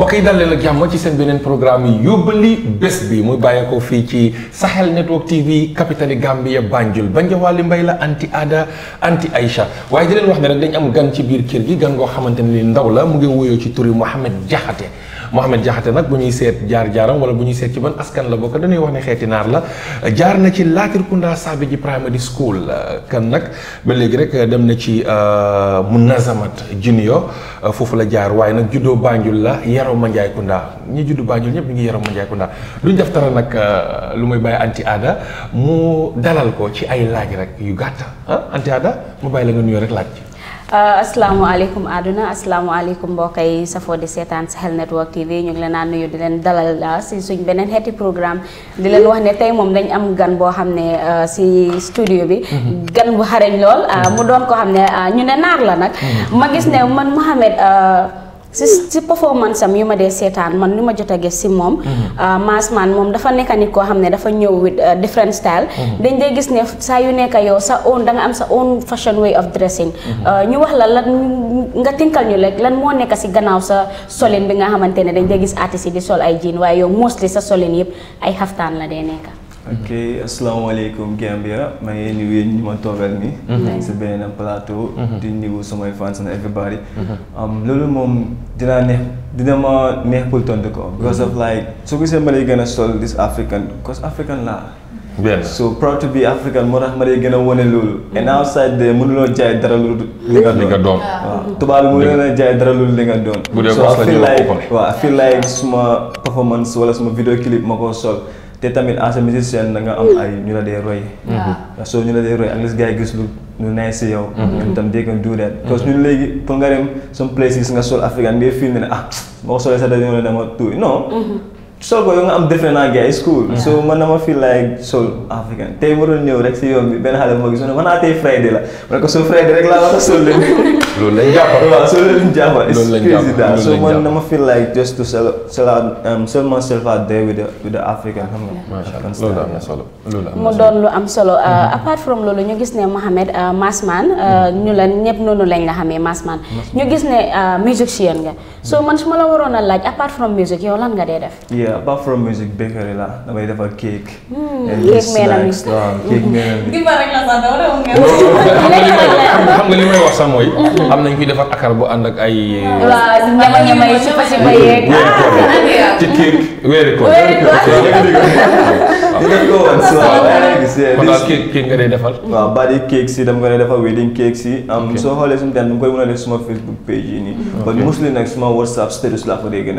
mbokk yi dal leen ak jàmm ci seen neen programme yi yóbbali bés bi muy bàyyeekoo fii ci Sahel Network TV capitali Gambia Banjul Banjawaali Mbay la anti Ada anti Aïcha waaye di leen wax ne rek dañ am gan ci biir kër gi gan goo xamante ne ni ndaw la mu ngi wuyoo ci turi Mohamed Jaxate Mohamed Diakhaté nag bu ñuy seet jaar-jaaram wala bu ñuy seet ci ban askan la bokk dañuy wax ne xeeti naar la jaar na ci Latrikunda Sabiji Primary School kan nag ba léegi rek dem na ci euh, Munazamat Junior euh, foofu la jaar waaye nag juddoo bànjul la yaroo Mandiaye Kunda ñi juddu Banjul ñëpp ñu ngi yaroo Mandiaye Kunda duñ def dara nag euh, lu muy bàyyi anti aada mu dalal ko ci ay laaj rek yu gàtt ah anti mu bàyyi la nga nuyoo rek laaj. Uh, asalaamaaleykum àdduna asalaamaaleykum mbokk yi safoo di seetaan Sahel Network TV ñu ngi leen a nuyu di leen dalal uh, si suñ beneen xeeti programme di leen wax ne tey moom dañ am gan boo xam ne uh, si studio bi. Mm-hmm. gan bu xareñ lool mu mm-hmm. doon ko xam ne ñu ne naar la nag. Mm-hmm. ma gis ne man Mouhamed. si si performance am yu ma dee seetaan man lu ma jot a gis si moom mhm. ah, Mass Man moom dafa nekk nit koo xam ne dafa ñëw with different style mhm. dañ dee gis ne saa yu nekk yow sa own da am sa own fashion way of dressing mhm. ah, ñu wax la lan nga tinkal ñu rek lan moo nekk si gannaaw sa solin bi nga xamante ne dañ dee gis artiste yi di sol ay jean waaye yow mostly sa solin yëpp ay xaftaan la dee nekk ok asalaamaaleykum Gambia maa ngi nuyu ñu ma toogal nii. ñu mhm. si benn plateau. Mhm. di nuyu samay fans and everybody. Mhm. Um, loolu moom dinaa neex dina ma neex pour tontu ko. because of like soo gisee ma lay gën a sol this African because African laa. bien so proud to be African moo tax ma lay gën a wane loolu. and outside de mënuloo jaay dara lu li nga doon li tubaab bi mënuloo jaay dara lu li nga doon. bu dee mos la ñu I feel like suma performance wala suma video sol. te tamit en sa musicien da nga am hmm. ay ñu la dee roy. Hmm. Hmm. waaw soo ñu la dee roy ak les yi gis lu lu neex si yow. ñun tam dégg nga duureel. parce que ñun léegi pour nga dem some places nga sol africain bi fii nii ne ah boo ko solee sax dañoo ne dama tuuti non. sol ko yow nga am defe naa gars yi school. so man dama feel like sol africain tey waroon ñëw rek si yoon bi benn xale moo ah, la ma ne ko soo Friday rek laa a sol leen. loolu lañ jàppal waaw soo leen jàppal. loolu lañ jàppal so man dama feel like just to sell sell um, myself African xam nga. doon lu am solo mm-hmm. uh, apart from loolu ñu gis ne Mohamed uh, Masman uh, mm-hmm. ñu la ñëpp noonu lañ la xamee Masman ñu gis ne musicien nga so mm-hmm. man su ma la waroon a laaj apart from music yow lan nga dee def. yeah apart from music bakery la damay defar cake. Hmm, cake meenam yi waaw cake meenam yi. dimbal rek la sax dama doon ngeen. xam nga li may wax sax mooy. am nañ kuy defar akar bu ànd ak ay. waaw ñama ñama yi supa supa yeeg. ci kii weeri ko cake nga dee defal waaw bari cake si dama ko dee defal wedding cake si soo xoolee suñu dem dama koy mën a def suma Facebook page yi nii but mostly nag suma WhatsApp status laa ko dee gën a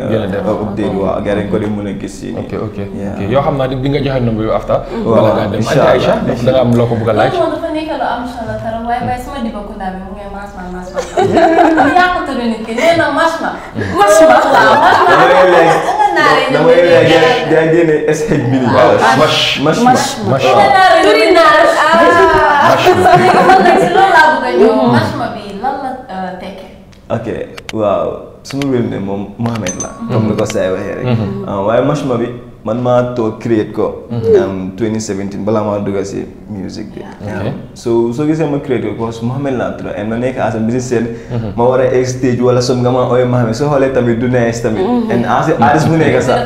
update waaw gars yi ko dee mën a gis si nii yoo xam naa di nga joxe numéro bi after wala nga dem Anta Aïcha da nga am loo ko a mu ngi mas ma mas mm. ma yaa damay yaa génne SH mini. waaw mash mash mash mash ma bi lan la tekki. ok waaw. suma wér ne moom Mohamed la comme ni ko saay waxee rek waaye machma bi man maa toog create ko balaa maa dugga si music bi so soo gisee ma create ko parce que Mohamed laa and ma nekk as a musicien ma war a egg stage wala som nga ma ooyee Mohamed soo xoolee tamit du nees tamit and as artiste bu nekk sax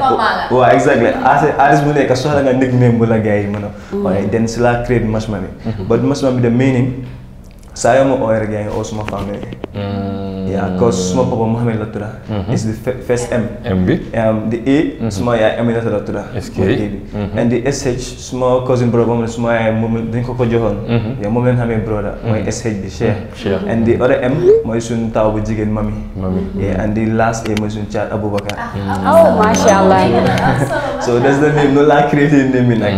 waaw exactly as artiste bu nekk soxla nga nickname bu la gars yi mën a waaye den si laa create machma bi but machma bi the meaning saa yoo ma ooyee rek yaa ngi yeah cause suma papa Mohamed la tudda the first M M bi the A suma yaay Aminata la tudda and the SH suma cousin brother moom la suma yaay moom ko ko joxoon yow moom leen xamee brother mooy SH bi Cheikh and the other M mooy suñ taw bu jigéen mami and the last A mooy suñ caat Aboubacar masha Allah so that's the name noonu laa créé name bi nag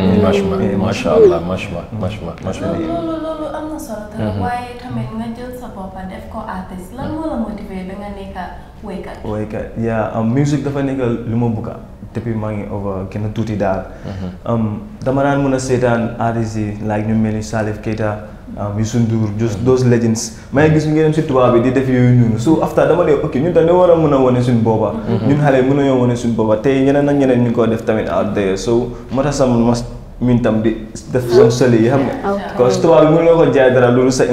masha Allah masha Allah masha Allah boppam def ko artiste lan moo la motivé um, dafa nekka lu ma bëgg depuis maa ngi over gën a tuuti daal. Mhm. Um, dama daan mën a seetaan artistes yi like ñu mel ni Salif Keita. Um, Youssou Ndour just mhm. those legends. maa ngi gis ñu ngi dem si tubaab bi di def yooyu ñun so after dama ne ok ñun dañu war a mën a wane suñ booba. Mhm. ñun xale a nañoo wane suñu booba tey ñeneen ak ñeneen ñu ngi ko def tamit out there so moo tax mun mas min tam di def son soli yi xam nga. parce que tubaab bi mënuloo ko jaay dara loolu sa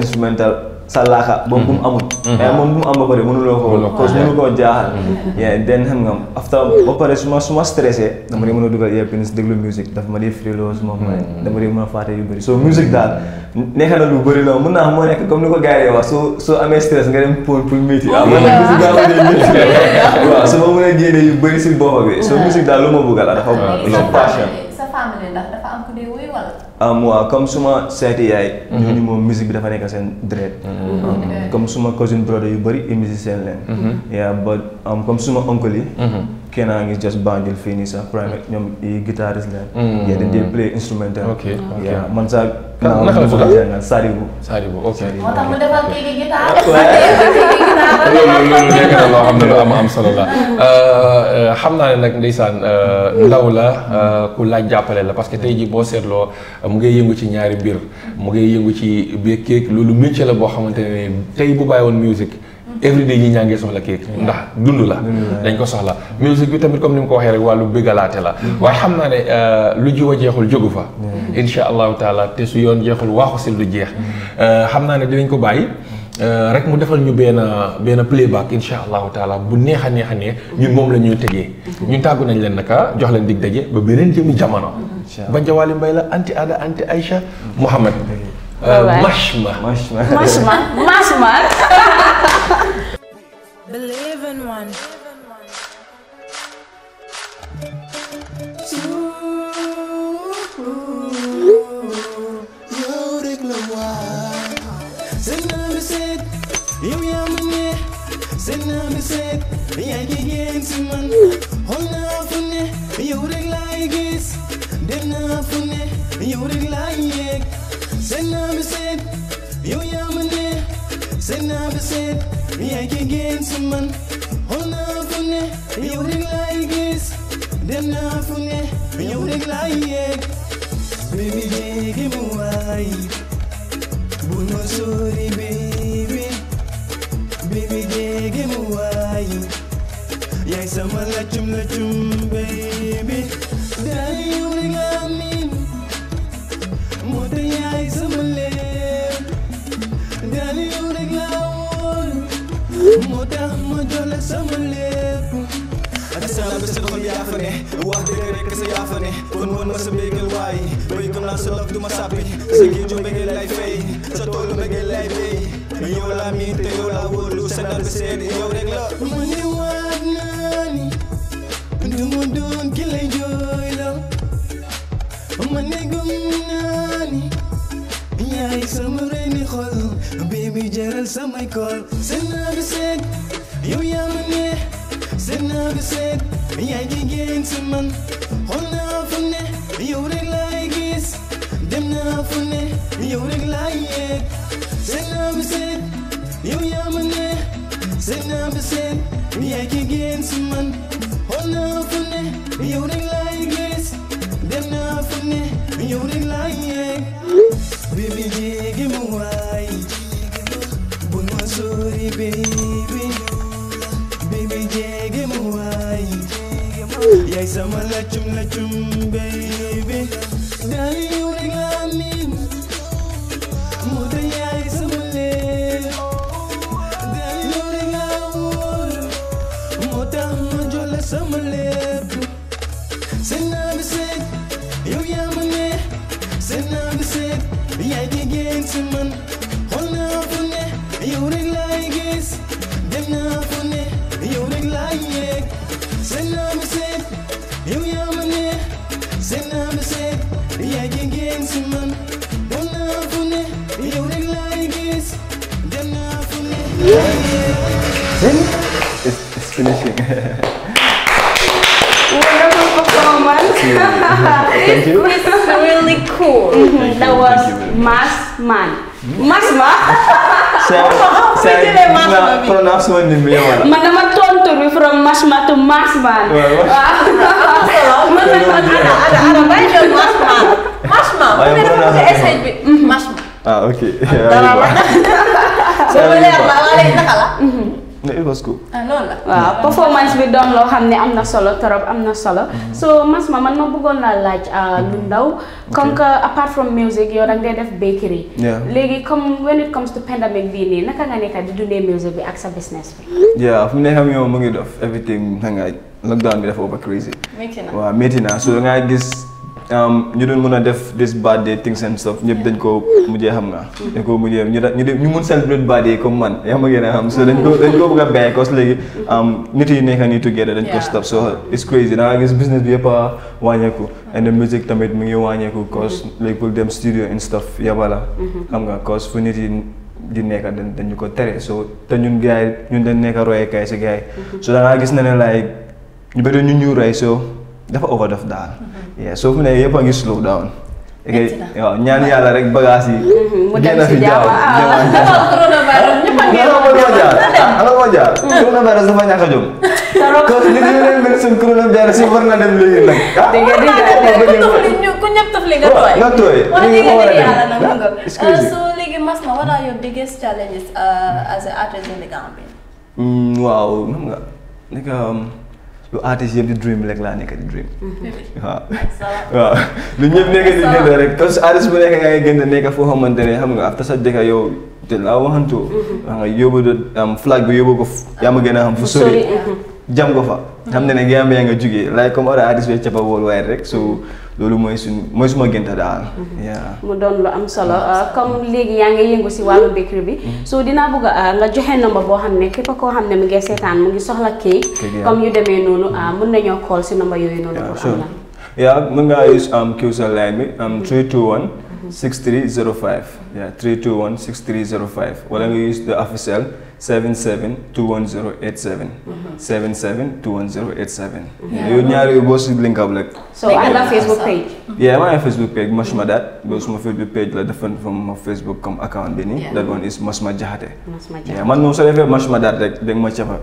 sàllaaka mhm. mhm. moom bu mu amul mais moom mu am ba pare mënuloo ko cause mënu koo jaaxal mhm. yee den xam nga after ba pare su ma su ma stressé dama dee mën a dugal yee pinis déglu musique dafa ma dee frilos moom ma dama dee a fàtte yu so musique daal nekk na lu bëri loolu mën naa moo nekk comme ni ko gars wax soo soo amee stress nga dem pour pour ah, métti waaw su ma mën a génne yu bëri si bopp bi so musique daal lu ma bëgg la ah, dafa loolu passion à ah, moi ah, comme suma seeti yaay. ñooñu mhm. moom musique bi dafa nekk seen dret. Mhm. Ah, mhm. comme suma cousin brother yu bëri et musicien leen. yaa ba um, comme suma oncle yi. kenn a ngi just Banjul fii sax private ñoom i guitariste leen. yaa dañ dee play instrumental. ok yaa man sax. naka la tudd Sadibou Sadibou ok. moo tax mu defal kii guitare. loolu loolu nekk na loo xam ne solo la euh, euh, xam naa ne nag ndeysaan euh, ndaw la ku laaj jàppale la parce que tey jii boo seetloo mu ngay yëngu ci ñaari mbir mu ngay yëngu ci biir kéeg loolu métier la boo xamante ne tey bu bàyyi woon musique everyday ñi ñaa ngi soxla kéeg ndax dund la dañ ko soxla musique bi tamit comme ni mu ko waxee rek wàllu bëggalaate la mm-hmm. waaye xam naa ne lu jiw a jeexul jógu fa mm-hmm. insha allahu taala te su yoon jeexul waaxu si lu jeex mm-hmm. xam naa ne dinañ ko bàyyi Euh, rek mu defal ñu benn benn playback incha allahu taala bu neex a neex a neex ñun moom la ñuy tëjee. ñu tàggu nañ leen naka ah, jox leen dig daje ba beneen jëmi jamono. ba Jawaali Mbay la anti Ada anti Aïcha Mouhamed. waay euh, mashma mashma mashma عفوني يورق العيق بيبي بيجي موايب بونو سوري بيبي بيبي جيجي موايب يا سما لجم لجم بيبي داي يورق عمين موتي يا سما الليل داي يورق الأول موتي أحمد ولا سما الليل sell bi solo xam yaa fa ne wax dëgg rek sa yaa fa ne kon woon ma sa bégal waay bay gëm naa sa love du ma sàppi sa géeju bëggee lay fay sa toolu bëggee lay bay yow laa miin te yow laa wóolu sa dal bi seede yow rek la mu ne waat naa ni du ma doon ki lay jooy la ma ne gëm naa ni yaay sama rey ni xol baby jaral samay kool sa naa bi seet yow yaa ma ne Zina bi seet yaay jigéen si man xool fu ne yow rek laay gis dem naa fu ne yow rek laay yegg Zina bi seet yow yaa ma ne Zina bi seet fu ne yow rek laay gis dem naa fu ne yow rek laay yegg baby jigéen mu waay bu ma sori baby yaay sama lëccum lëccum baby Mm-hmm. that was Mas Man. Mas Ma. pronounce ma ndim yow la. man dama tontu bi from Mas Ma to Mas Man. waaw ah. man man man ana ana ana bàyyi leen Mas Ma. Mas Ma bu ne dafa bëgg essai bi Mas Ma. ah ok. dara la. bu ma leer la wala naka la. Mm-hmm. nga Evasco. ah loolu la. waaw performance bi doon loo xam ne am na solo trop am na solo. Mhm. so mas ma man ma bëggoon laa laaj ah, mhm. lu ndaw. comme que apart from music yow da ngay def bakery. léegi comme when it comes to pandemic bii nii naka nga nekk di dundee music bi ak sa business bi. waaw fu mu ne xam yow mu ngi def everything nga lockdown bi dafa over crazy. métti na so da gis. ñu doon mën a def this bad day things and stuff ñëpp dañ ko mujjee xam nga. dañ ko mujjee ñu da ñu ñu mun celebrate bad day comme man yaa ma gën xam so dañ ko dañ ko bëgg léegi nit yi nekk nii together dañ ko stop so it's crazy da gis business bi yëpp a wàññeeku. and the music tamit mu ngi wàññeeku cause mm-hmm. léegi pour dem studio and stuff yabala. Mm-hmm. xam nga cause fu nit yi di nekka dañ dañu ko tere so te ñun gars yi ñun dañ nekk royekaay si gars mm-hmm. gis ne ne like ñu bëri ñu ñu roy so. dafa daf daal. yeah so fi ne yëpp a ngi slow down. waaw ñaan yàlla rek bagage yi. mu dem si jaaw ah coronavirus ñëpp dafa ñàkk a jóg. kon li ñu leen mel suñ coronavirus yi war na dem léegi nag. nga tooy. li nga war a dem so Masma what are your biggest challenges uh, as an artist in the Gambia? waaw xam nga lu artiste yëpp di dream rek laa nekk di dream. Mm-hmm. waaw waaw lu ñëpp nekk di génn rek parce que bu nekk nga génn nekk foo xamante ne xam nga ak sa dëkk yow te laa waxantu. Mm-hmm. xam yóbbu do am flag bi yóbbu ko yaa ma gën a xam fu sori. Mm-hmm. jam ko fa. xam ne ne Gambia nga jugee like comme ara artiste bi cappa wóolu waaye rek so. loolu mooy suñu mooy suma gént daal. Mhm. mu doon lu am solo ah, comme léegi yaa ngi yëngu si wàllu bécré bi. Mhm. so dinaa bëgg ah, nga joxe nomba boo xam ne képp koo xam ne mu ngi seetaan mu ngi soxla kii. comme yu demee noonu ah, mën nañoo xool si nomba yooyu noonu. waaw sure yaa mën ngaa use um, Qcell line bi am 321. 6305 yeah 321 6305 wala nga use the officiel. 77 210 87. 77 210 87. yooyu ñaar yooyu boo si link up rek. so am na Facebook page. yeah maa ngi Facebook page la dafa ma Facebook comme account bi nii. that one is Masma Jaxate. Masma man moom soo defee Masma Dad rek dégg ma cafa.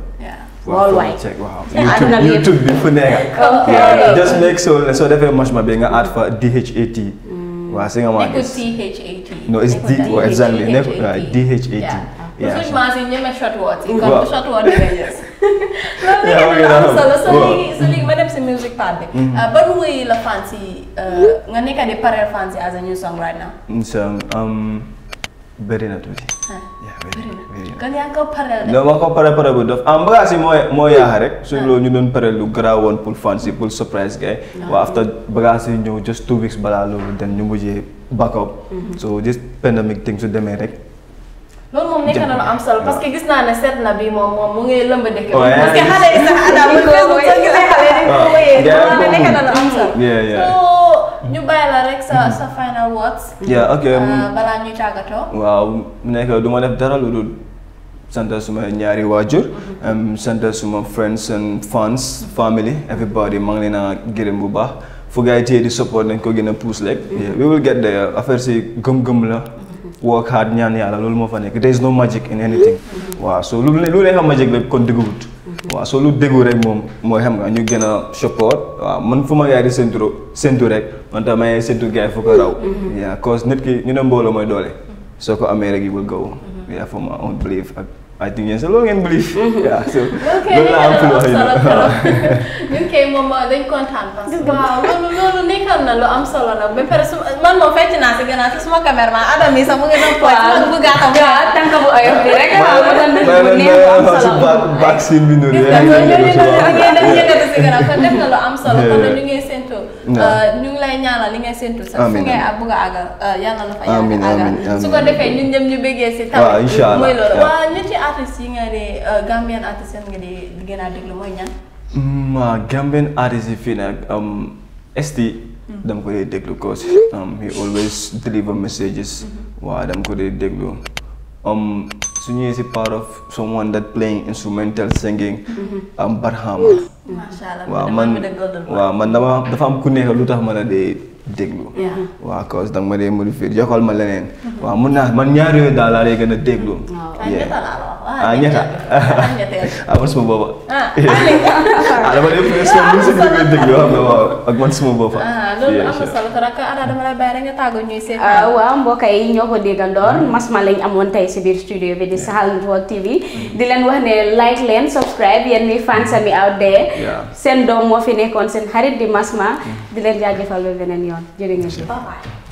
waaw waaw check waaw. YouTube bi fu nekk. ok just make sure soo defee Masma bi nga add fa DHAT. Mm. waaw si nga ma. nekkul DHAT. no it's D exactly nekkul DHAT. suñ maas yi ñeme short short word yi na am ma nekk di pareel fans as a new song right now um, bëri na tuuti bagaas yi moo yaaxa rek suñ loolu ñu doon pareel lu garaaw pour fans yi pour surprise gay waa after bagaas yi ñëw just two weeks balaa loolu dem ñu mujjee back up mhm. so this pandemic thing su demee rek non mom nekk na lu am solo parce que gis naa ne seet na bi moom moom mu ngi lëmb dëkk bi. parce que xale yi sax adama ko mooy waaw jaay ko nekk na lu am solo. soo ñu bàyyi la rek sa mm-hmm. sa final words. yeah ok eh, mm. balaa ñuy tàggatoo. waaw nekk du ma def dara lu dul. santa suma ñaari waajur mm-hmm. santa suma friends and fans family everybody maa ngi leen a gërëm bu baax fu gars yi téye di support nañ ko gën a pousse rek we will get there affaire si gëm-gëm la work hard ñaan yàlla loolu moo fa nekk there is no magic in anything waaw so lu lu leen xam magic rek kon dégguwut waaw soo lu déggu rek moom mooy xam nga ñu gën a support waaw man fu ma gars yi di séntu séntu rek man tam may séntu gars yi ko raw mm-hmm. yaa cause nit ki ñu ne mbooloo mooy doole soo ko amee rek yi will go mm-hmm. yaa for my own belief ak I think selalu ingin and believe. yeah, so. Okay, loolu tanpa am fi wax yu nikah koy moom dañ kontaan parce que waaw loolu semua nekkal ada lu am solo la ba pare su man moom fecc naa si gannaaw am solo am solo Euh, ñu ngi lay ñaanal li ngay séntu sax fi ngay bëgg a àggal euh, yal na la fa amiin amiin su ko defee ñun ñëpp ñu bëggee si tamit mooy loolu waaw ñun ci artistes yi nga di euh, Gambian artistes yi nga di gën a déglu mooy ñan ma mm, Gambian artistes yi fii nag um, ST mm. dama ko dee déglu cause um, he always deliver messages mm-hmm. waaw dama ko dee déglu um, su Sunyi is a part of someone that playing instrumental singing mm-hmm. am barhama waaw man waaw man dama dafa am ku nekk lu tax mën a dee déglu waa cause danga ma dee modifier jokkal ma leneen mm-hmm. waaw mun naa man ñaari yooyu daal laa dee gën a déglu mm-hmm. Iya. tak lah. Hanya ah, tak. Ya. Aku semua bawa. Ah. Iya. Ada pada yang semua bisa dibentuk yo. Aku mau semua bawa. Lalu aku ah, iya, iya. selalu keraka ada ada malah barangnya tak gunyu sih. Wah, mbok kayak nyoba di gandor. Hmm. Mas maling amon tay sebir studio di Sahal World TV. Hmm. Dilan wah ne like len subscribe yen nih fans hmm. ami out there. Sen dom mo fi nekkoon seen di Mas Ma. Dilan jaajëfal ba beneen Jadi jërë ngeen jëf.